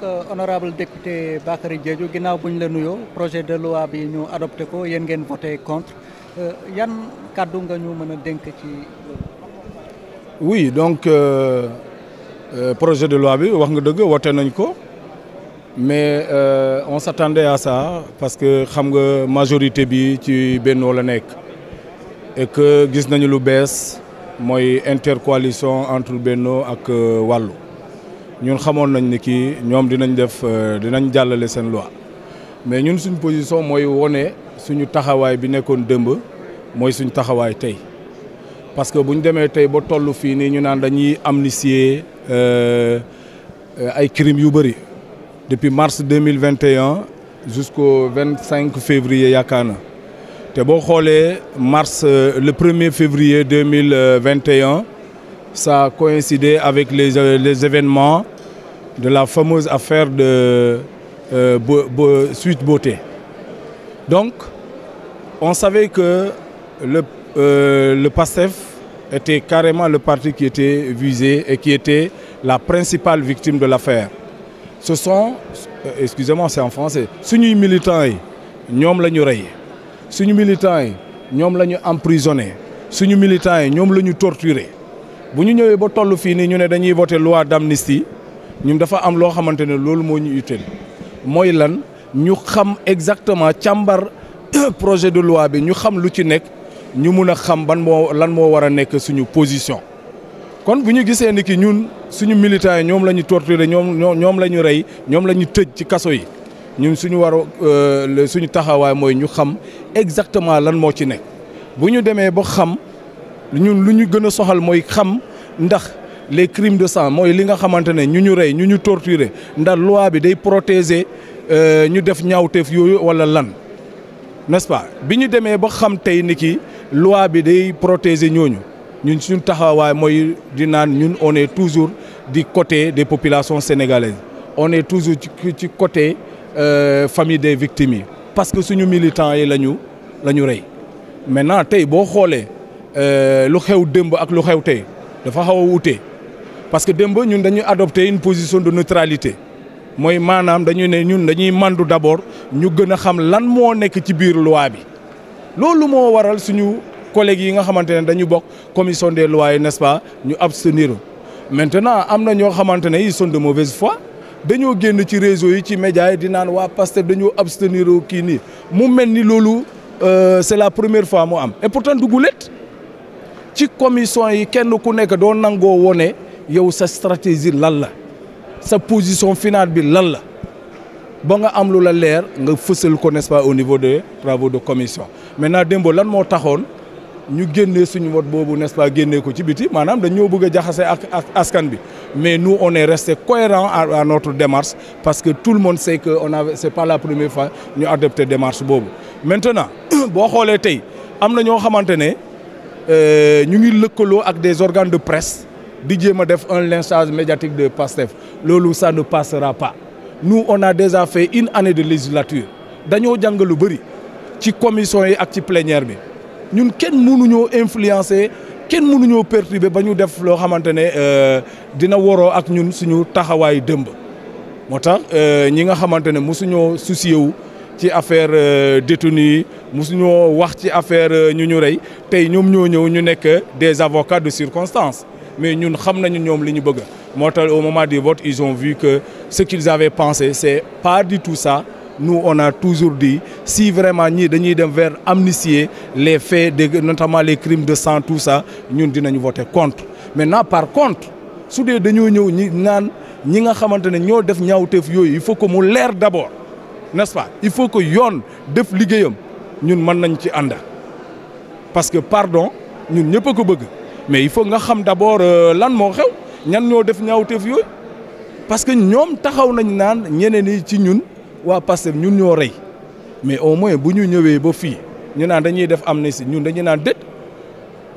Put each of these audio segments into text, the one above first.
donc euh, honorable député Bakary jeeju ginnaaw bu ñu la nuyoo projet de loi bi ñu adopté ko yéen ngeen voté contre euh, yan kàddu nga ñu mën a dénk ci oui donc euh, projet de loi bi wax nga dëgg voté nañ ko mais euh, on s'attendait à ça parce que xam nga majorité bi ci benn la nekk et gis nañu lu bees mooy intercoalition entre Benno ak Wàllu ñun xamoon nañ ni kii ñoom dinañ def euh, dinañ jàllale seen loi mais ñun suñ position mooy wone suñu taxawaay bi nekkoon dëmb mooy suñu taxawaay tey parce que bu ñu demee tey ba toll fii nii ñu naan dañuy amnistier euh, ay crimes yu bëri depuis mars deux mille vingt et un jusqu'au vingt cinq février yaakaar na te boo xoolee mars euh, le premier février deux mille vingt et ça a coïncidé avec les, euh, les événements de la fameuse affaire de euh, be, Suite Beauté. Donc, on savait que le, euh, le PASTEF était carrément le parti qui était visé et qui était la principale victime de l'affaire. Ce sont, euh, excusez-moi, c'est en français, suñuy militants yi ñoom la ñu rey suñu militants yi ñoom la ñu emprisonné suñu militants yi ñoom la ñu torturé bu ñu ñëwee ba toll fii nii ñu ne dañuy voté loi d'amnistie ñun dafa am loo xamante ne loolu moo ñu utile mooy lan ñu xam exactement càmbar projet de loi bi ñu xam lu ci nekk ñu mun a xam ban moo lan moo war a nekk suñu position. kon bu ñu gisee ni ki ñun suñu militants yi ñoom la ñu torturé ñoom ñoom la ñu rey ñoom la ñu tëj ci kaso yi ñun suñu war euh, suñu taxawaay mooy ñu xam exactement lan moo ci nekk bu ñu demee ba xam. ñun lu ñu gën a soxal mooy xam ndax les crimes de sang mooy li nga xamante ne ñu ñu rey ñu ñu torturer ndax loi bi day protéger euh, ñu def ñaawteef yooyu walla lan n'est-ce bi ñu demee ba xam tey ni ki loi bi day protéger ñooñu ñu suñu taxawaay mooy di naan ñun on toujours di côté des populations sénégalaises on toujours ci côté euh, famille des victimes yi parce que suñu militants yi la ñu la ñu rey maintenant tey boo xoolee Euh, lu xew dëmb ak lu xew tey dafa xaw a wute parce que démb ñun dañuy adopté une position de neutralité mooy maanaam dañuy ne ñun dañuy mandu d'abord ñu gën a xam lan moo nekk ci biir loi bi loolu moo waral suñu collègues yi nga xamante ne dañu bokk commission des lois yi n'est-ce pas ñu abstenir maintenant am na ñoo xamante ne ils sont de mauvaise foi dañoo génn ci réseau yi ci média yi di naan waa Pastef dañoo abstenir kii nii mu mel ni loolu euh, c'est la première fois mu am et pourtant dugulet ci commission yi kenn ku nekk doo nangoo wone yow sa stratégie lan la sa position finale bi lan la ba nga am lu la leer nga fësal ko n'est-ce pas au niveau des travaux de commission maintenant démb lan moo taxoon ñu génnee suñu vote boobu nest a pas ko ci biti maanaam dañoo bëgg a jaxase ak askan bi mais nu on est resté cohérent à notre démarche parce que tout le monde sait que on c'est pas la première fois ñu adopté démarche boobu maintenant boo xoolee tey am na ñoo xamante ne Euh, ñu lëkkaloo ak des organes de presse di jéem a def un lynchage médiatique de Pastef loolu ça ne passera pas nous on a déjà fait une année de législature dañoo jàng lu bëri ci commission yi ak ci plénière bi ñun kenn mënuñoo influencer kenn mënuñoo perturber ba ñu def loo xamante ne euh, dina waroo ak ñun suñu taxawaay dëmb moo tax euh, ñi nga xamante ne mosuñoo soucier wu ci affaire euh, détenu yi mosuñoo wax ci affaire euh, ñu ñu rey tey ñoom ñoo ñëw ñu nekk des avocats de circonstance mais ñun xam nañu ñoom li ñu bëgg moo tax au moment du vote ils ont vu que ce qu'ils avaient pensé c'est pas du tout ça nous on a toujours dit si vraiment ñii dañuy dem vers amnistier les faits de notamment les crimes de sang tout ça ñun dinañu voter contre mais maintenant par contre su dee dañoo ñëw ñi naan ñi nga xamante ne ñoo def ñaawteef yooyu il faut que mu leer d'abord n'est-ce il faut que yoon def liggéeyam ñun man nañ ci ànd parce que pardon ñun ñëpp ko bëgg mais il faut nga xam d'abord euh, lan moo xew ñan ñoo def ñaawteef yooyu parce que ñoom taxaw nañ naan ñeneen yi ci ñun waa Pastef ñun ñoo rey mais au moins bu ñu ñëwee ba fii ñu naan dañuy def am amnistie ñun dañuy naan déet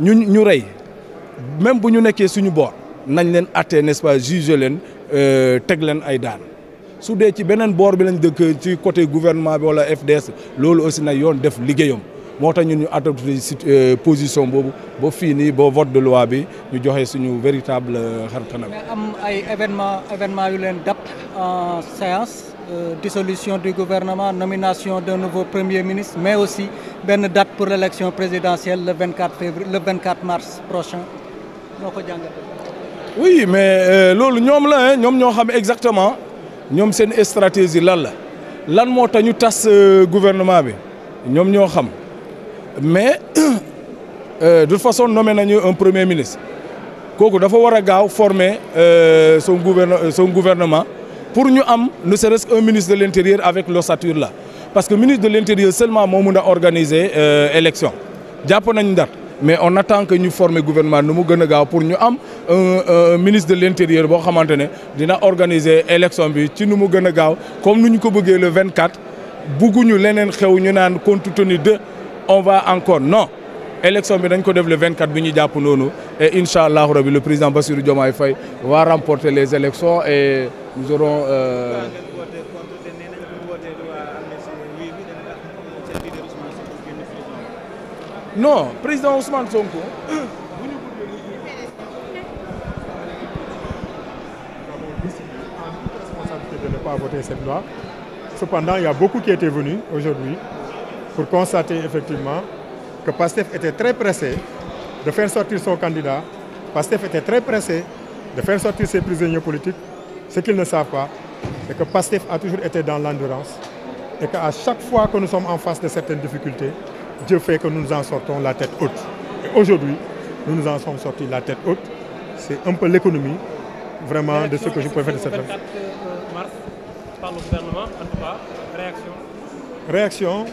ñun ñu rey même bu ñu nekkee suñu boor nañ leen àttee n'est-ce pas juger euh, teg leen ay daan. su dee ci beneen boor bi lañ dëkk ci côté gouvernement bi wala FDS loolu aussi na yoon def liggéeyom moo tax ñun ñu adopté euh, position boobu boo fii nii boo vote de loi bi ñu joxe suñu véritable euh, xar kanam. am ay événement événement yu leen dab en séance euh, dissolution du gouvernement nomination d'un nouveau premier ministre mais aussi benn date pour l'élection présidentielle le 24 février le 24 mars prochain noo ko jàngatee. oui mais loolu ñoom la ñoom ñoo xam exactement. ñoom seen stratégie lan la lan moo tax ñu tas euh, gouvernement bi ñoom ñoo xam mais euh, de toute façon nommé nañu un premier ministre kooku dafa war a gaaw former euh, son gouvernement son gouvernement pour ñu am ne serait-ce qu'un ministre de l'intérieur avec l'ossature là parce que ministre de l'intérieur seulement moom mun a organiser élection jàpp nañ date mais on attend que ñu former gouvernement nu mu gën a gaaw pour ñu am un ministre de l' intérieur boo xamante ne dina organiser élection bi ci nu mu gën a gaaw comme nu ñu ko bëggee le 24 bugguñu leneen xew ñu naan compte tenu de on va encore non élection bi dañ ko def le 24 bi ñu jàpp noonu et incha allahu rabi le président ba Bassirou Diomaye Faye va remporter les élections et nous aurons. Euh non président Ousmane Sonko. pas voter cette loi. Cependant, il y a beaucoup qui étaient venus aujourd'hui pour constater effectivement que Pastef était très pressé de faire sortir son candidat. Pastef était très pressé de faire sortir ses prisonniers politiques. Ce qu'ils ne savent pas, c'est que Pastef a toujours été dans l'endurance et qu'à chaque fois que nous sommes en face de certaines difficultés, Dieu fait que nous nous en sortons la tête haute. Et aujourd'hui, nous nous en sommes sortis la tête haute. C'est un peu l'économie, vraiment, de ce que je peux faire de cette année. mars, par le gouvernement, en tout cas, réaction Réaction,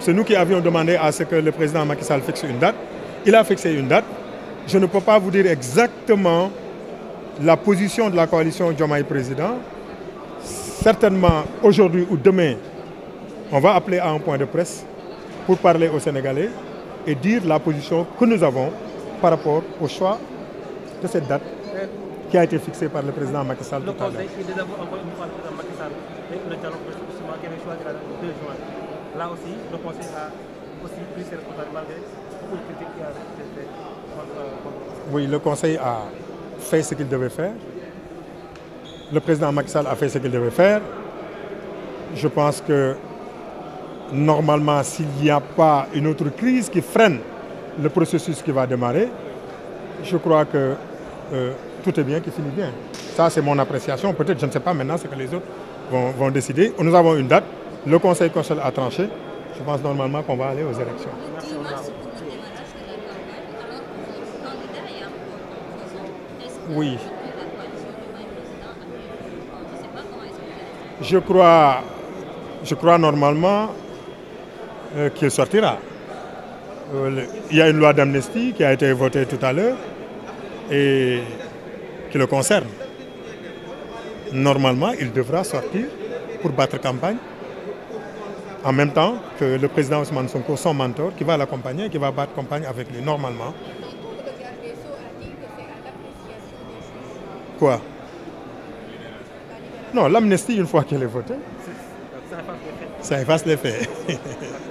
c'est nous qui avions demandé à ce que le président Macky Sall fixe une date. Il a fixé une date. Je ne peux pas vous dire exactement la position de la coalition Diomaye Président. Certainement, aujourd'hui ou demain, on va appeler à un point de presse pour parler aux Sénégalais et dire la position que nous avons par rapport au choix de cette date qui a été fixée par le président Macky Sall. Le conseil qui désavoue encore une fois le président Macky Sall et le dialogue justement qui avait choisi la date du 2 juin. Là aussi, le conseil a aussi pris ses responsabilités malgré beaucoup de critiques qu'il a faites contre. Oui, le conseil a fait ce qu'il devait faire. Le président Macky Sall a fait ce qu'il devait faire. Je pense que normalement, s'il n'y a pas une autre crise qui freine le processus qui va démarrer, je crois que euh, tout est bien qui finit bien. Ça, c'est mon appréciation. Peut-être, je ne sais pas maintenant ce que les autres vont, vont décider. Nous avons une date. Le Conseil constitutionnel a tranché. Je pense normalement qu'on va aller aux élections. Merci. Oui. Je crois, je crois normalement Euh, qui sortira. Euh, il y a une loi d'amnistie qui a été votée tout à l'heure et qui le concerne. Normalement, il devra sortir pour battre campagne en même temps que le président Ousmane Sonko, son mentor, qui va l'accompagner, qui va battre campagne avec lui normalement. Quoi Non, l'amnistie, une fois qu'elle est votée, ça efface les faits.